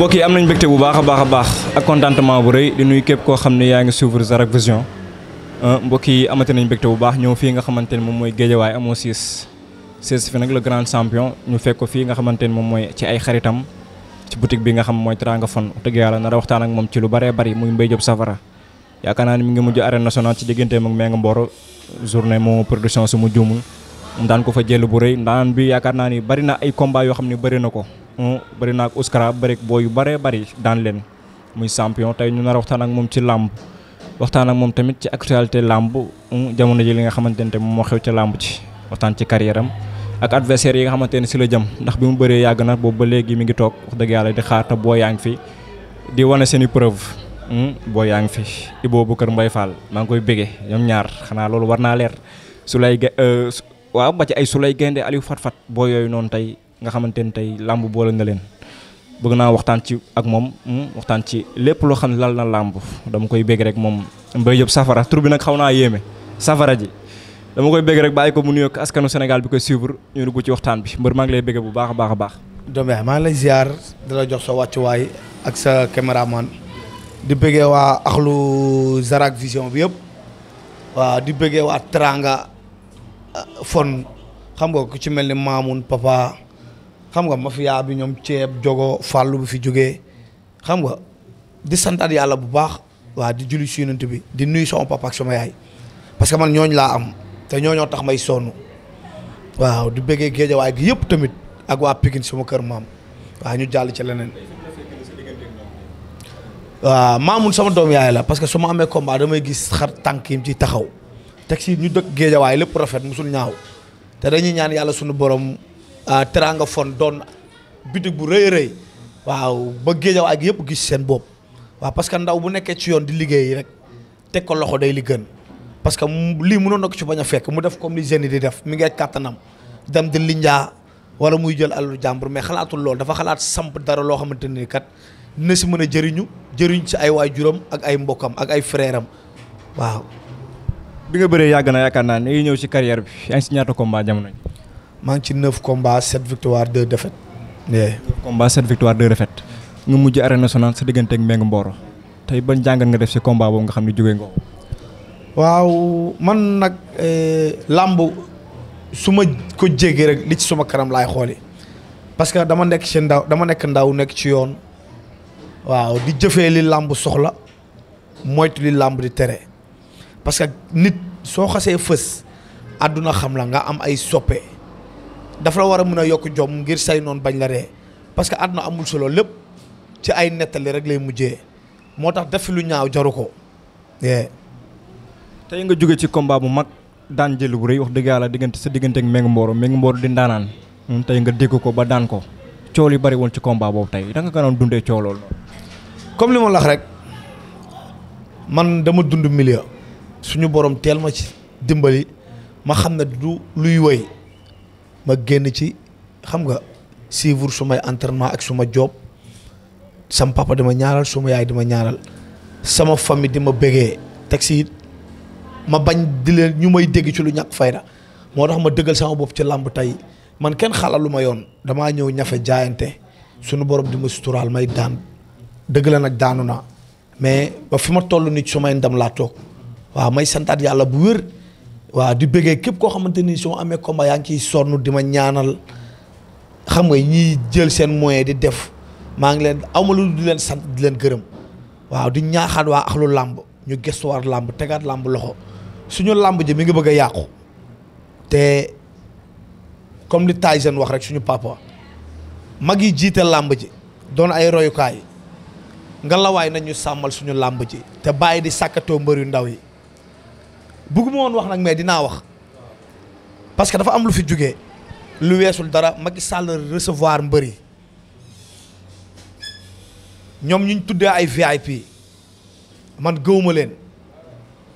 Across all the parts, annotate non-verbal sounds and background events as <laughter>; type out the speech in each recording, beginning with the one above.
mbokk yi am nañ mbégte bu baax a baax a baax ak contentement bu rëy di nuyu képp koo xam ne yaa ngi suivre Zarak Vision euh, mbokk yi amate nañ mbégte bu baax ñëw fii nga xamante ne moom mooy Géejawaay amoo siis siis fi nag le grand champion ñu fekk ko fii nga xamante ne moom mooy ci ay xaritam ci boutique bi nga xam mooy Teranga Fon dëgg yàlla nara waxtaan ak moom ci lu bëree bari muy Mbaye Diop Safara yaakaar naa ni mu ngi mujj arène nationale ci digganteem ak Mbengue Mboro journée moo production su mu juumul daan ko fa jël bu rëy ndaan bi yaakaar naa ni bëri na ay combat yoo xam ne bëri na ko bëri naa ak Ouskara bëri ak boo yu bëree bëri daan leen muy champion tey ñu nar a waxtaan ak moom ci làmb waxtaan ak moom tamit ci actualité làmb jamono ji li nga xamante ne moom moo xew ci làmb ci waxtaan ci carrière am ak adversaire yi nga xamante ne si la jëm ndax bi mu bëree yàgg na boobu ba léegi mi ngi toog wax dëgg yàlla di xaar te boo yaa ngi fi di wane seen i preuve hmm, boo yaa ngi fi Ibo bu Kër Mbaye Fall maa ngi koy bége ñoom ñaar xanaa loolu nga xamante ni tey làmb boole na leen bëgg naa waxtaan ci ak moom hmm, waxtaan ci lépp loo xam ne lal na làmb dama koy bégg rek moom Mbaye Diop Safara tur nag xaw naa yéeme Safara ji dama koy bégg rek bàyyi ko mu nuyoog askanu Sénégal bi koy suivre ñu dugg ci waxtaan bi mbër maa lay bégg bu baax a baax a baax. ngi lay ziar di jox sa wàccuwaay ak sa caméraman di bëggee waa axlu Zarak Vision bi yëpp waaw di bëggee waa Teranga euh, fon xam nga ku ci mel ni Mamoun Papa. xam nga mafia bi ñom ceeb jogo fallu bi fi joge xam nga di santat yalla bu baax wa di julli si yonent bi di nuy sama papa ak sama yaay parce que man ñooñ la am te tax may sonu waaw di bëggee way gi yep tamit ak wa Pikine sama kër mam wa ñu mamun ci leneen wa mamun sama dom yaay la parce que suma amé combat damay gis xar tankim taksi ci taxaw tek ci ñu nyau, way lepp rafet musul ñaaw te dañuy ñaan yalla suñu borom Ah, teranga fon don bitig bu reey reey waaw ba geejaw ak yep gis sen bop wa parce que ndaw bu nekk ci yoon di liggey rek tek ko loxo day li gën parce que li mënon nak ci baña fekk mu def comme li jeune di def mi ngay katanam dem di linja wala muy jël alu jàmbur mais xalatul lool dafa xalat samp dara lo xamanteni kat ne ci mën jeriñu jeriñ ci ay waajuram ak ay mbokam ak ay frère waaw. bi nga yag na yakarna ni carrière bi combat jamono mang ci 9 combats 7 victoires 2 défaites yeah. 9 combats 7 victoires 2 défaites nga mujj arena nationale sa digënté ak Mbeng Mboro tay ban jàngal nga def ci combat bobu nga xamni jogé nga waaw man nak euh lambu suma ko djégué rek li ci suma karam lay xolé parce que dama nek ci ndaw dama nek ndaw nek ci yoon waaw di jëfé li lambu soxla moytu li lambu di téré parce que nit so xasse feus aduna xam la nga am ay soppé da fa wara a yok jom ngir say non bañ la ré parce que adna amul solo lepp ci ay netale rek lay mujjé motax tax def fi lu ñaaw jaruko ko. tay nga joggé ci combat bu mag daan jël bu rëy wax deug yalla digënté sa digënté ak meng Mboro meng Mboro di ndaanaan hmm, tay nga dégg ko ba daan ko ciol yu bari won ci combat boobu tay da nga gënon dundé comme rek man dama dund milieu suñu borom telma ci dimbali ma xamna du luy woy ma génn ci xam nga suivre sumay entraînement ak suma job sama papa ma ñaaral suma yaay ma ñaaral sama famille di ma bëggee taxi ma bañ di leen ñu may dégg ci lu ñàkk na moo tax ma dëggal sama bopp ci làmb tey man kenn xalaat lu ma yoon damaa ñëw ñafe jaayante suñu borom di ma suturaal may daan dëgg la nag daanu naa mais ba fi ma toll nit sumay ndam laa toog waaw may santaat yàlla bu wér wa di bëggee képp ko xamanteni so amé combat yaa ngi ciy sonn di ñaanal xam nga ñi jël sen moyen di def ma ngi awma lu di leen sant di leen gërëm wa di ñaaxaat wa akhlu lamb ñu war lamb tegat lamb loxo suñu lamb ji mi ngi bëgg yaqku té comme li Tyson wax rek suñu papa Magi jite jiite làmb ji doon ay nga laway nañu samal suñu lamb ji te bàyyi di sakato mbër yu ndaw yi bugguma woon wax nag mais dinaa wax parce que dafa am lu fi jóge lu weesul dara Macky Sall recevoir mbëri ñoom ñu tuddee ay VIP man gëwuma leen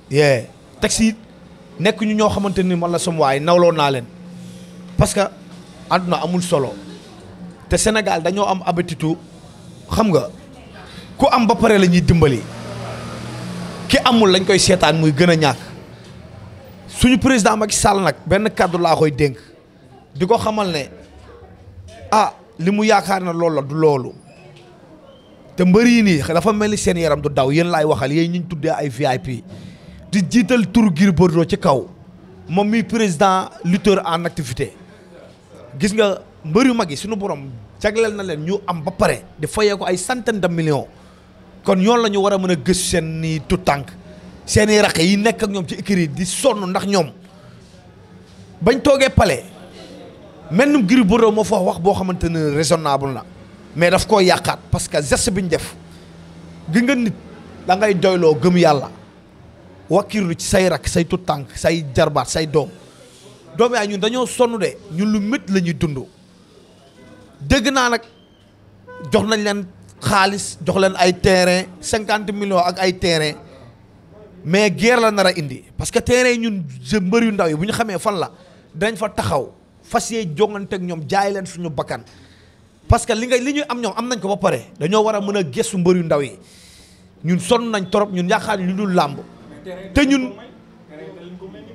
yee taxi it nekk ñu ñoo xamante ni man la sama nawloon naa leen parce que àdduna amul solo te Sénégal dañoo am habitude xam nga ku am ba pare la ñuy dimbali ki amul lañ koy seetaan muy gën a ñàkk suñu président Macky Sall nag benn kàddu laa koy dénk di ko xamal ne ah li mu yaakaar na loolu la du loolu te mbër yi nii dafa mel ni seen yaram du daw yéen laay waxal yéen ñu tuddee ay VIP di jiital tour Gris Bordeaux ci kaw moom mi président lutteur en activité gis nga mbër yu mag yi sunu borom jagleel na leen ñu am ba pare di fayee ko ay centaine de millions kon yoon la ñu war a mën a gëstu seen nii tout tànk seeni raq yi nekk ak ñoom ci écurie di sonn ndax ñoom bañ toogee pale palais mennum Gris Bordeaux moo fa wax boo xamante ne raisonnable na mais daf koo yàqaat parce que geste bi ñu def gi nga nit da ngay doyloo gëm yàlla wakkirlu ci say rak say tout tànk say jarbaat say doom doom yaay ñun dañoo sonn de ñun lu métti la ñuy dund dégg naa nag jox nañ leen xaalis jox leen ay terrain cinquante millions ak ay terrain mais guerre la nar a indi parce que terrain ñun mbër yu ndaw yi bu ñu xamee fan la dañ fa taxaw fas yee jongante ak ñoom jaay leen suñu bakkan parce que li nga li ñuy am ñoom am nañ ko ba pare dañoo war a mën a gestu mbër yu ndaw yi ñun sonn nañ trop ñun yaakaar ñu dul làmb te ñun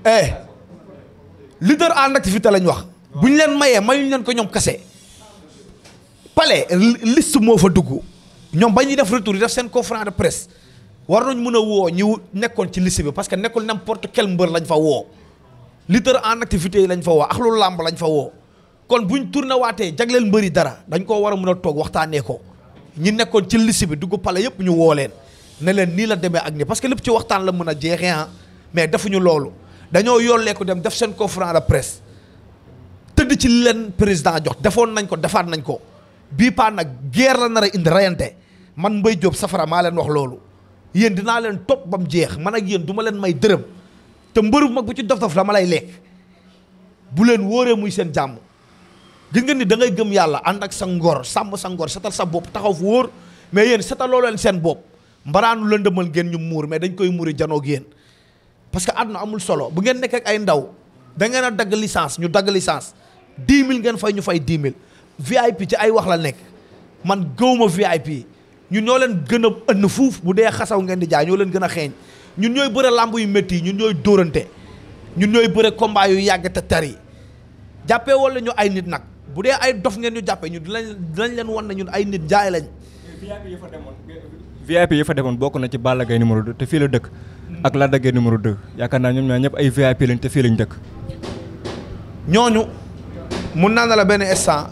eh leader en activité lañ wax bu ñu leen mayee may mayuñ leen ko ñoom kase pale liste moo fa dugg ñoom ba ñuy def retour yi def seen conférence de presse war nañ mën a woo ñu nekkoon ci liste bi parce que nekkul n'importe quel mbër lañ fa woo lutteur en activité lañ fa woo ak lu làmb lañ fa woo kon buñ tourné waatee jagleel mbër yi dara dañ koo war a mën a toog waxtaanee ko ñi nekkoon ci liste bi dugg pale yëpp ñu woo leen ne leen nii la demee ak nii parce que lépp ci waxtaan la mën a jeexee ah mais defuñu loolu dañoo yollee dem def seen conférence de presse tëdd ci leen président jox defoon nañ ko defaat nañ ko bii paa nag guerre la nar a indi rayante man Mbaye Diop Safara maa leen wax loolu yéen dinaa leen topp ba mu jeex man ak yéen duma leen may dërëm te mbëru mag bu ci dof-dof ma lay lekk bu leen wóoree muy seen jàmm gis nga ni da gëm yàlla ànd ak sa ngor sàmm sa ngor setal sa bopp taxaw fu wóor mais yéen setaloo leen seen bopp mbaraanu lëndëmal ngeen ñu muur mais dañ koy muuri janoog yéen parce que àdduna amul solo bu ngeen nekk ay ndaw da ngeen a dagg licence ñu dagg licence dix ngeen fay ñu fay dix mille VIP ci ay wax la nekk man gëwuma VIP ñun ñoo leen gën a ënn fuuf bu dee xasaw ngeen di jaay ñoo leen gën a xeeñ ñun ñooy bëre làmb yu métti yi ñun ñooy dóorante ñun ñooy bëre combat yu yàgg te tar yi jàppee wala ñu ay nit nag bu dee ay dof ngeen ñu jàppee ñun dinañ dinañ leen wan ne ñun ay nit jaay lañ. VIP yi fa demoon bokk na ci Balla Gaye numéro 2 te fii la dëkk. ak Lac de Guiers numéro 2 yaakaar naa ñoom ñaar ñëpp ay VIP lañ te fii lañ dëkk. ñooñu mun naa ne la benn instant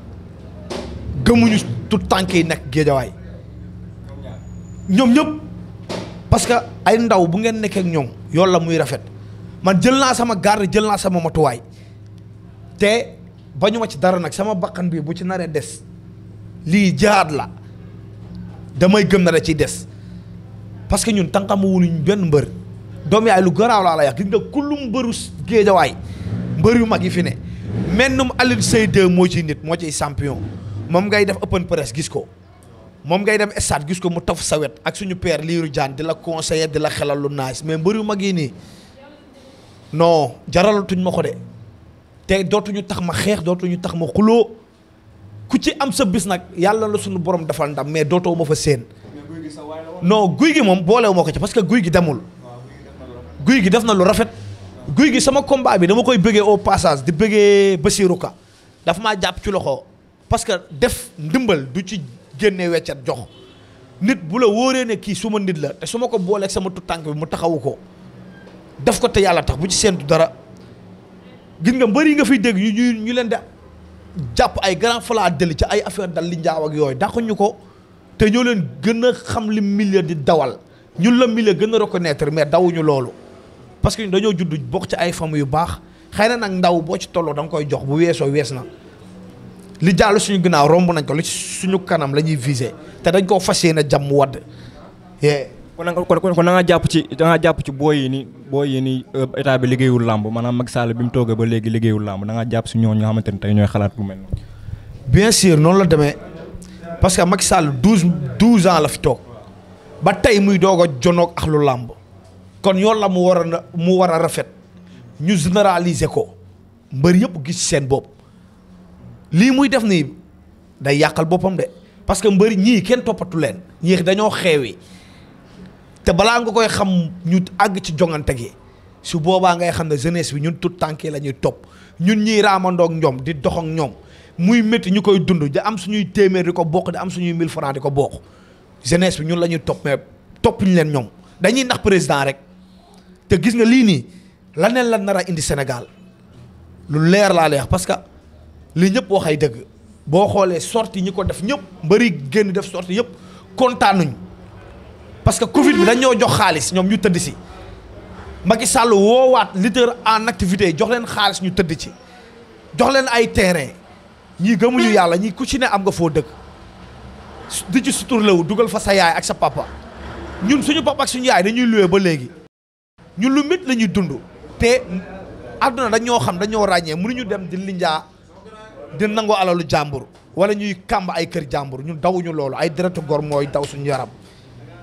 gëmuñu tout tànk yi nekk géejawaay ñoom ñëpp parce que ay ndaw bu ngeen nekkee ñoom yoon la muy rafet man jël naa sama garde jël naa sama matuwaay te bañu ma ci dara nag sama bakkan bi bu ci naree des lii jaat la damay gëm na ci des parce que ñun tànqamu wuñu benn mbër doom yaay lu garaaw laa la yàq gis nga kullum mbëru géejawaay mbër yu mag yi fi ne mennum Alioune Seye 2 moo ci nit moo ciy champion moom ngay def ëppan press gis ko moom ngay dem stade gis ko mu taf sawet ak suñu père liiru Diane di la conseiller di la xelal lu naaj mais mbër yu mag yi nii non jaralatuñ ma ko de te dootuñu tax ma xeex dootuñu tax ma xuloo ku ci am sa bis nag yàlla la suñu borom defal ndam mais dootoo ma fa seen no guy gi moom boolewu ma ko ci parce que guy gi demul guy gi def na lu rafet guy gi sama combat bi dama koy bëggee au passage di bëggee Basirou dafa maa jàpp ci loxo parce que def ndimbal du ci génnee weccat jox nit bu la wóoree ne kii suma nit la te su ko booleeg sama tutànk bi mu taxawu ko def ko te yàlla tax bu ci seentu dara gis nga yi nga fi dégg ñu ñu ñu leen di jàpp ay grand fala deli ci ay affaire dal li njaaw ak yooyu dàqu ko te ñoo leen gën a xam li milieu di dawal ñun la milieu gën a reconnaître mais dawuñu loolu parce que dañoo juddu bokk ci ay famille yu baax xëy na nag ndaw boo ci tolloo danga koy jox bu weesoo wees na li jàll suñu ginnaaw romb nañ ko li suñu kanam la ñuy visé te dañ koo fas na jàmm wadd kon kon kon na nga jàpp ci da jàpp ci boo yi ni boo yi ni euh, état bi liggéeyul làmb maanaam mag Sall bi mu toogee ba léegi liggéeyul làmb da jàpp si ñooñu nga xamante ni tey ñooy xalaat lu mel noonu. bien sûr noonu la demee parce que Macky Sall douze douze ans la fi toog ba tey muy doog a jonoog ak lu làmb kon yoon la mu war a mu war a rafet ñu généraliser ko mbër yëpp gis seen bopp. lii muy def nii day yàqal boppam de parce que mbëri ñii kenn toppatu leen ñii dañoo xeewi te balaa nga koy xam ñu àgg ci jongante gi su boobaa ngay xam ne jeunesse bi ñun tout tànkee yi la ñuy topp ñun ñii raamandook ñoom di dox ak ñoom muy métti ñu koy dund di am suñuy téeméer di ko bokk di am suñuy 1000 francs di ko bokk jeunesse bi ñun lañuy ñuy topp mais toppuñu leen ñoom dañuy nax président rek te gis nga lii nii laneen la nar a indi Sénégal lu leer laa que. li ñëpp wax ay dëgg boo xoolee sorti ñi ko def ñëpp mbëri génn def sorti yëpp kontaanuñ parce que Covid bi dañ jox xaalis ñoom ñu tëdd si Macky Sall woowaat lutteurs en activité jox leen xaalis ñu tëdd ci jox leen ay terrain ñii gëmuñu yàlla ñii ku ci ne am nga foo dëgg di ci suturlewu dugal fa sa yaay ak sa papa ñun suñu papa ak suñu yaay dañuy luwee ba léegi ñun lu mit la ñuy dund te àdduna dañoo xam dañoo ràññee mënuñu dem di linjaa di nangoo alalu jàmbur wala ñuy kàmb ay kër jàmbur ñu dawuñu loolu ay deretu gor mooy daw suñu yaram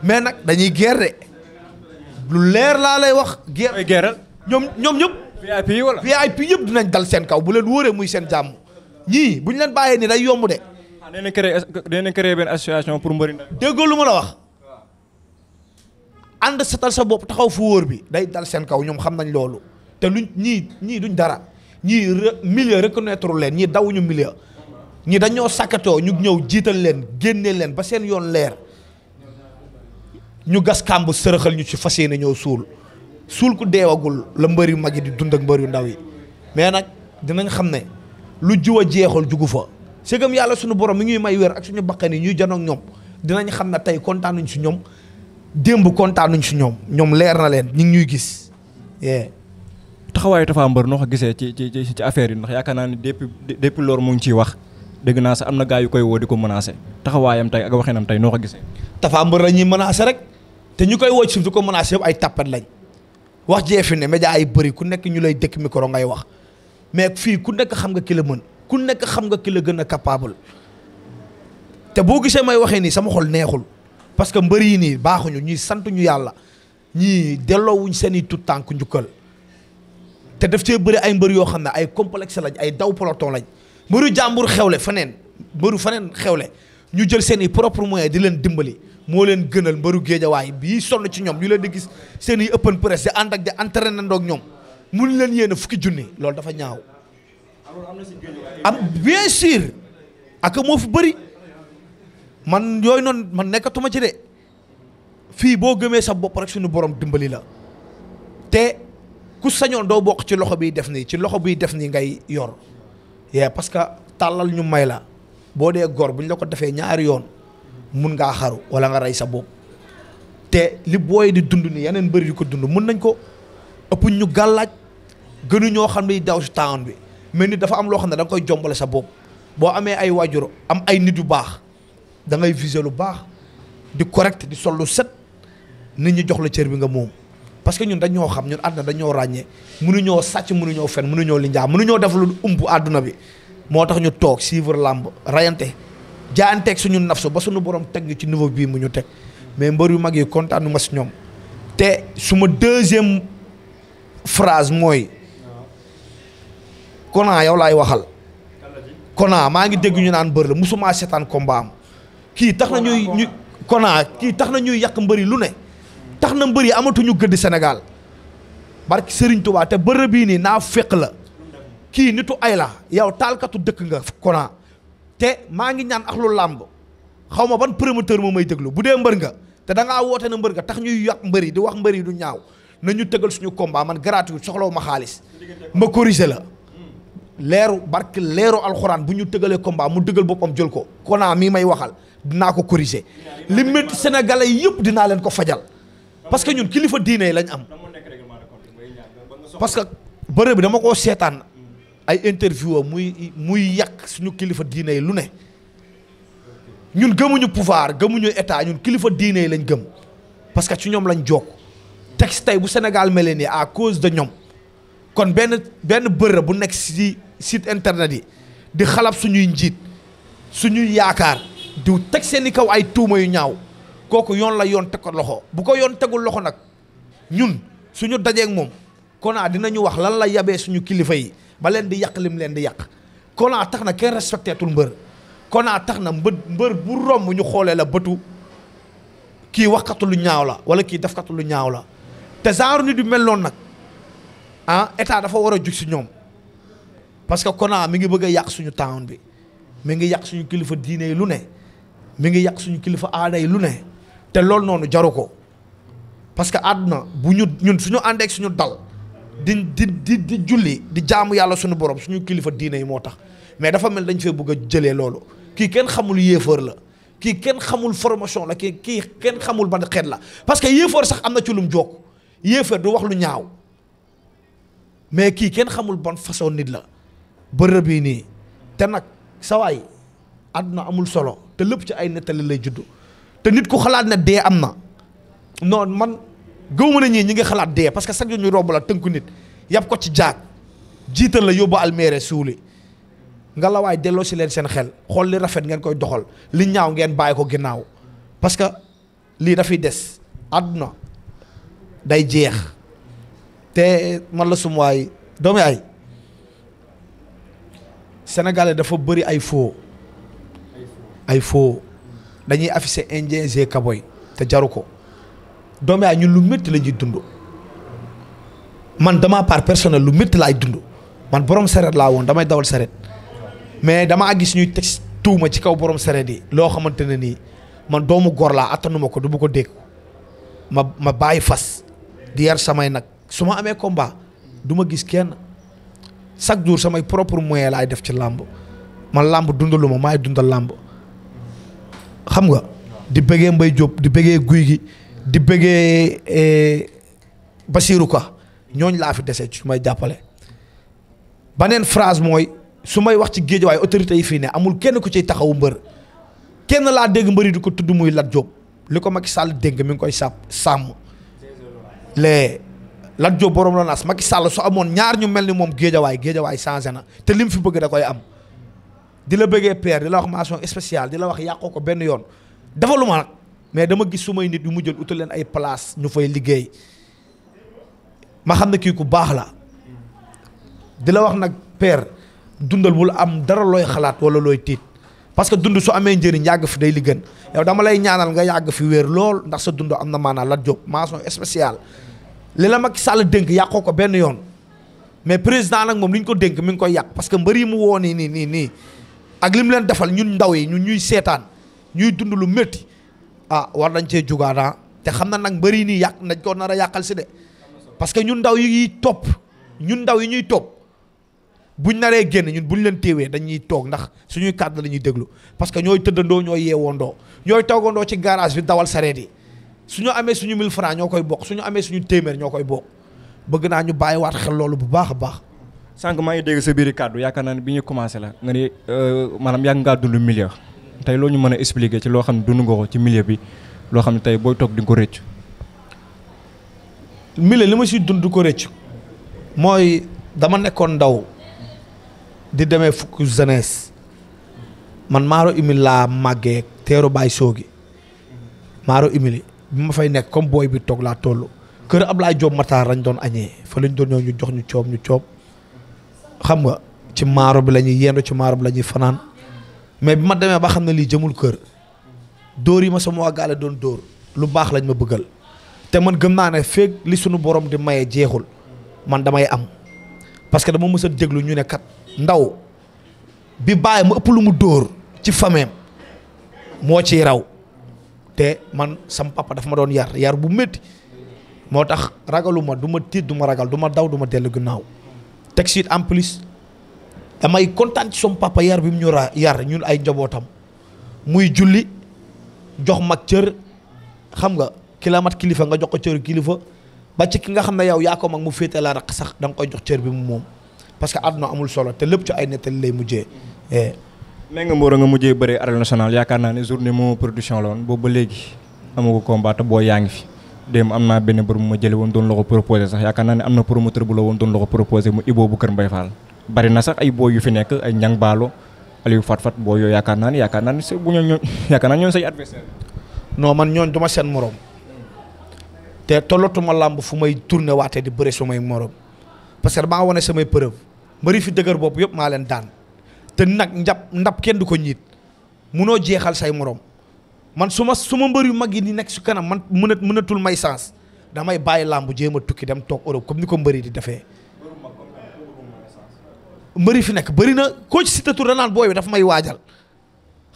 mais nag dañuy guerre lu leer laa lay wax. geer ñoom ñoom ñëpp. VIP wala VIP yëpp dinañ dal seen kaw bu leen wóoree muy seen jàmm ñii bu ñu leen bàyyee ni day yomb de. ah dinañ créé dinañ benn association pour mbëri ndaw. déggoo lu ma la wax. ànd setal sa bopp taxaw fu wóor bi day dal seen kaw ñoom xam nañ loolu te luñ ñii ñii duñ dara. ñii milieu reconnaître leen ñii dawuñu milieu ñi dañoo sakkatoo ñu ñëw jiital leen génne leen ba seen yoon leer ñu gas kàmb sërëxal ñu ci fas yéene ñëw suul suul ku deewagul la mbër yu mag di dund ak mbër yu ndaw yi mais nag dinañ xam ne lu jiw a jeexul jugu fa sëgam yàlla suñu borom mi ñuy may weer ak suñu bakkan yi ñuy janoog ñoom dinañ xam ne tey kontaanuñ si ñoom démb kontaanuñ si ñoom ñoom leer na leen ñu ngi ñuy gis. taxawaayu Tapha Mbeur no ko gisee ci ci ci affaire yi ndax yaakaar naa depuis depuis lor mu ci wax deug na sa amna gaay yu koy wo diko menacer taxawayam tay ak ak nam tay no ko gisee. Tapha Mbeur la ñuy menacer rek te ñukoy wo ci diko menacer ay tapat lañ wax jee ne média ay bëri ku nekk ñu lay dekk micro ngay wax mais fi ku nekk xam nga ki la mën ku nekk xam nga ki la gëna capable te bo may ni sama xol neexul parce que ni ñu ñi sant ñu yalla ñi delo wuñ seni tout ku ñukal te def cee bëri ay mbër yoo xam ne ay complexe lañ ay daw peloton lañ mbëru jàmbur xewle faneen mbëru faneen xewle ñu jël seen i propre moyen di leen dimbali moo leen gënal mbëru géejawaay bii sonn ci ñoom ñu leen di gis seen i open press di ànd ak di entraîné ndoog ñoom mun leen yéene fukki junni loolu dafa ñaaw. am bien sûr ak moo fi bëri man yooyu noonu man nekkatuma ci de fii boo gëmee sa bopp rek suñu borom dimbali la ku sañoon doo bokk ci loxo biy def nii ci loxo biy def nii ngay yor yee parce que tàllal ñu may la boo dee gor bu ñu la ko defee ñaari yoon mun ngaa xaru wala nga rey sa bopp te li booy di dund ni yeneen bëri di ko dund mun nañ ko ëpp ñu gàllaaj gënu ñoo xam ne daw si taawon bi mais nit dafa am loo xam ne da koy jombale sa bopp boo amee ay waajur am ay nit yu baax da ngay viser lu baax di correct di sol lu set nit ñi jox la cër bi nga moom. parce que ñun dañoo xam ñun àdduna dañoo ràññee mënuñoo sàcc mënuñoo fen mënuñoo linjaa mënuñoo def lu umb àdduna bi moo tax ñu toog suivre làmb rayante ñun suñu nafsu ba suñu borom teg ñu ci niveau bii mu ñu teg mais mbër yu mag yi kontaanu ma si ñoom te suma deuxième phrase mooy Kona yow laay waxal Kona maa ngi dégg ñu naan bër la musuma seetaan combat kii tax na ñuy kii tax na ñuy yàq mbëri lu ne tax na mbër yi amatuñu gëdd Sénégal barki sëriñ Touba te bërëb bii nii naa fekk la kii nitu ayla la yow taalkatu dëkk nga kona te maa ngi ñaan ak làmb xaw ma ban promoteur moo may déglu bu dee mbër nga te danga woote na mbër nga tax ñuy yàq mbër yi di wax mbër yi du ñaaw na ñu tëgal suñu combat man gratuit soxlawu ma xaalis ma corriger la leeru barke leeru alxuraan bu ñu tëgalee combat mu dëgal boppam jël ko konaa mii may waxal dinaa ko corriger li métti yëpp dinaa leen ko fajal parce que ñun kilifa diine lañ am parce que bëre bi dama koo seetaan ay interview muy muy yàq suñu kilifa diine yi lu ne ñun gëmuñu pouvoir gëmuñu état ñun kilifa diine yi lañ gëm parce que ci ñoom lañ jokk texte tey bu Sénégal mel nii à cause de ñoom kon benn benn bërë bu nekk si site internet yi di xalab suñuy njiit suñuy yaakaar di teg seen i kaw ay tuuma yu ñaaw. kooku yoon la yoon teg ko loxo bu ko yoon tegul loxo nag ñun suñu dajeeg moom konaa dina ñu wax lan la yabee suñu kilifa yi ba leen di yàq lim leen di yàq Kona tax na kenn respecteetul mbër tax na mbë mbër bu ñu xoolee la bëtu kii waxkatu lu ñaaw la wala kii defkatu lu ñaaw la te genre nit yu mel noonu nag ah état dafa war a jug si ñoom parce que Kona mi ngi bëgg a yàq suñu town bi mi ngi yàq suñu kilifa diine yi lu ne mu ngi yàq suñu kilifa aada yi lu ne. te loolu noonu jaru ko parce que àdduna bu ñu ñun suñu ànd ak suñu dal di di di di julli di jaamu yàlla suñu borom suñu kilifa diine yi moo tax mais dafa mel dañ fee bëgg a jëlee loolu kii kenn xamul yéefar la kii kenn xamul formation la kii kenn xamul ban xeet la parce que yéefar sax am na ci lum jokk yéefar du wax lu ñaaw mais kii kenn xamul ban façon nit la bërëb yi nii te nag sawaay àdduna amul solo te lépp ci ay nettali lay juddu. te nit ku xalaat na dee am na noon man gëw ma ne ñii ñi ngi xalaat dee parce que chaque jour ñu romb la tënku nit yàpp ko ci jaag jiital la yóbbu almeere suuli nga la waay delloo si leen seen xel xool li rafet ngeen koy doxal li ñaaw ngeen bàyyi ko ginnaaw parce que lii dafay des àdduna day jeex te man la sum waay doomi ay sénégalais dafa bari ay faux ay faux dañuy affiché indien g kaboy te jaru ko doom yaay ñun lu métti la ñuy dund man dama par personnel lu métti laay dund man borom sareet laa woon damay dawal sareet mais dama àgg si ñuy teg ma ci kaw borom sareet yi loo xamante ne nii man doomu góor laa attanuma ko du ma ko dégg ma ma bàyyi fas di yar samay nag su ma amee combat du ma gis kenn chaque jour samay propre moyen laay def ci làmb man làmb ma maay dundal làmb xam nga di bëggee mbay jóob di bëggee Guy gi di bëggee eh, Basirou Ka ñooñ laa fi dese su may jàppale ba neen phrase mooy su may wax ci géej waaye autorité yi fii ne amul kenn ku ciy taxawu mbër kenn laa dégg mbëri di ko tudd muy Lat Diop li ko mag Sall dégg mi ngi koy sàmm sàmm lee Lat Diop borom la naas mag Sall su amoon ñaar ñu mel ni moom géejawaay géejawaay changé na te lim fi bëgg da koy am di la bëggee père di la wax mention spéciale di la wax yàqoo ko benn yoon defalu nag mais dama gis su may nit yu mu jël utal leen ay place ñu fay liggéey ma xam ne kii ku baax la di la wax nag père dundal bul am dara looy xalaat wala looy tiit parce que dund su amee njëriñ yàgg fi day li gën dama lay ñaanal nga yàgg fi wéer lool ndax sa dund am na maanaa Lat Diop mention spéciale li la mag Sall dénk yàqoo ko benn yoon mais président nag moom luñ ko dénk mi ngi koy yàq parce que mbëri mu woo nii nii nii nii ak lim leen defal ñun ndaw yi ñun ñuy seetaan ñuy dund lu métti ah war nañ cee jugaana te xam na nag bëri nii yàq nañ ko nar a yàqal si de parce que ñun ndaw yi topp ñun ndaw yi ñuy topp buñ naree génn ñun bu ñu leen téewee dañuy toog ndax suñuy kàddu la ñuy déglu parce que ñooy tëddandoo ñooy yeewoondoo ñooy toogandoo ci garage bi dawal sareet yi suñu amee suñu 1000 francs ñoo koy bokk suñu amee suñu téeméer ñoo koy bokk bëgg naa ñu bàyyiwaat xel loolu bu baax a baax sànq maa ngi dégg sa biir kàddu yaakaar naa bi ñu commencé la nga ni euh, maanaam yàgg ngaa dund milieu tey loo ñu mën a expliquer ci loo xam ne dund nga ko ci milieu bi loo xam ne tey booy toog di ko rëcc. li ma si dund ko rëcc mooy dama nekkoon ndaw di demee fukk jeunesse man maaro humile laa màggee teeru baay soogi maaro humile bi ma fay nekk comme booy bi toog laa toll kër Ablaye Diop Matar lañ doon añee fa lañ doon ñëw ñu jox ñu coob ñu coob. xam nga ci maro bi lañuy yendo ci maro bi lañuy fanan mais bima ma ba Lubah li jëmul kër dóor yi ma sama waa gaale doon lu bax lañ ma bëggal té man gëm na né fék li suñu borom di maye jéxul man damay am parce que dama mësa a déglu ñu né kat ndaw bi bàyyi mu ëpp lu mu dóor ci mo ci raw te man sam papa dafa ma doon yar yar bu metti motax ragaluma duma ma tiit ragal duma daw duma teg si en plus damay kontaan ci som papa yar bi mu ñu ra yar ñu ay njabootam muy julli jox mag cër xam nga ki kilifa nga jox ko cër kilifa ba ci ki nga xam ne yow yaa ko mag mu féete laa sax da nga jox cër bi mu moom parce que àdduna amul solo te lépp ci ay nettali lay mujjee. Eh. nee nga Mboro nga mujjee bëri arène national yaakaar naa ne journée moo production la woon boobu ba léegi amagu combat te boo yaa ngi fi. dem amna naa benn bër bu ma jële woon doon lako proposer sax yakana ni amna promoteur bu la woon doon lako proposer mu ibo bu keur mbay Fall bari na sax ay boy yu fi nek ay ñang balo Aliou Fat Fat boy yo yakana ni yakana ni bu ñoo <laughs> yakana ñoo say adversaire no man duma sen morom te tolotuma lamb fu may tourner waté di bëré sumay morom parce que ba woné sumay preuve mari fi dëgër bop yop ma len daan té nak ndap ndap kenn du ko say morom man suma suma mbeur yu magi ni nek nekk kanam man meunat meunatul may sens damay baye lamb jéem tukki dem tok Europe comme niko mbeuri di defé mbeuri fi nek bëri na ci citatu da boy booy dafa may wadjal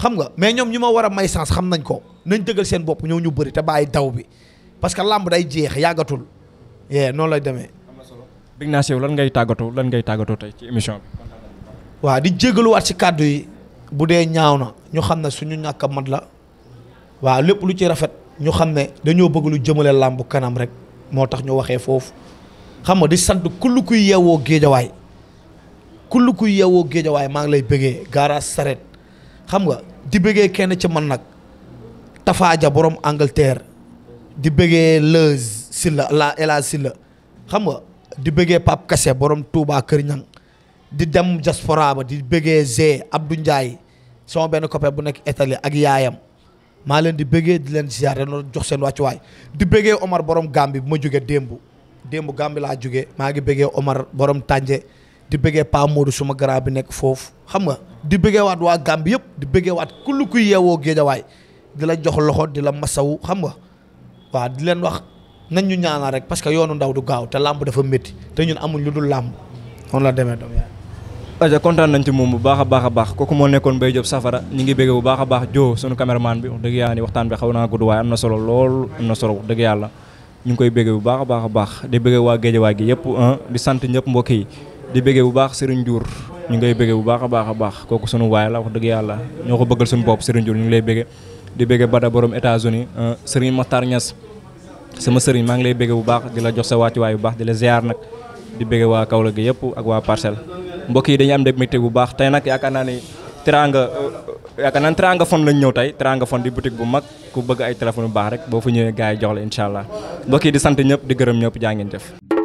xam nga mais ñom ñuma wara may sens xam nañ ko nañ dëggal seen bop ñoo ñu beuri te baye daw bi parce que lamb day jeex yàggatul yee non lay démé big naa lan ngay tagato lan ngay tagato tay ci émission bi. wa di wat ci cadeau yi budé ñaawna na ñu xamna suñu ñaka mat la. waaw lépp lu ci rafet ñu xam ne dañoo bëgg lu jëmale làmb kanam rek moo tax ñu waxee foofu xam nga di sant kull kuy yeewoo géejawaay kull kuy yeewoo géejawaay maa ngi lay bëggee garage saret xam nga di bëggee kenn ci man nag tafaaja borom Angleterre di bëggee lëz silla la ela silla xam nga di bëggee Pape Kassé borom Touba Kër Ñang di dem diaspora ba di bëggee Zé Abdou njaay sama benn copain bu nekk Italie ak yaayam maa leen di bëggee di leen ziar leen jox seen wàccuwaay di bëggee Omar borom Gambi bu ma jógee démb démb Gambi laa jógee maa ngi bëggee Omar borom Tànje di bëggee Pa Modou suma grand bi nekk foofu xam nga di bëggee waat waa Gambi yëpp di bëggee waat kullu kuy yeewoo géejawaay di la jox loxo di la masawu xam nga waaw di leen wax nañ ñu ñaanal rek parce que yoonu ndaw du gaaw te làmb dafa métti te ñun amuñ lu dul làmb noonu la demee doom aja kontaan nañ ci moom bu baax a baax a baax kooku moo nekkoon bay Diop Safara ñi ngi bégge bu baax a baax joo sunu caméraman bi wax dëgg yàlla ni waxtaan solo lool am dëgg yàlla ñu ngi koy bégge bu baax a baax a baax di bégge waa Géejawaay gi ah, sant ñëpp mbokk yi di bégge bu baax Serigne Diour ñu ngi koy bégge bu baax a baax a baax kooku sunu waay la wax dëgg yàlla ñoo ko bëggal suñu bopp Serigne Diour ñu ngi lay bégge di bégge Bada borom États-Unis ah, Serigne Makhtar Niass sama Serigne maa ngi lay bégge bu baax di la jox sa wàccuwaay bu baax di la ziar nag di bëgg kawla gi yëpp ak wa parcel mbokk yi dañu am de météo bu baax tay nak yaakaar ni Teranga yaakaar naa Teranga fon lañ ñëw tay Teranga fon di boutique bu mag ku bëgg ay téléphone bu baax rek bo fa ñëwé gaay jox la inshallah mbokk yi di sant ñëpp di gërëm ñëpp def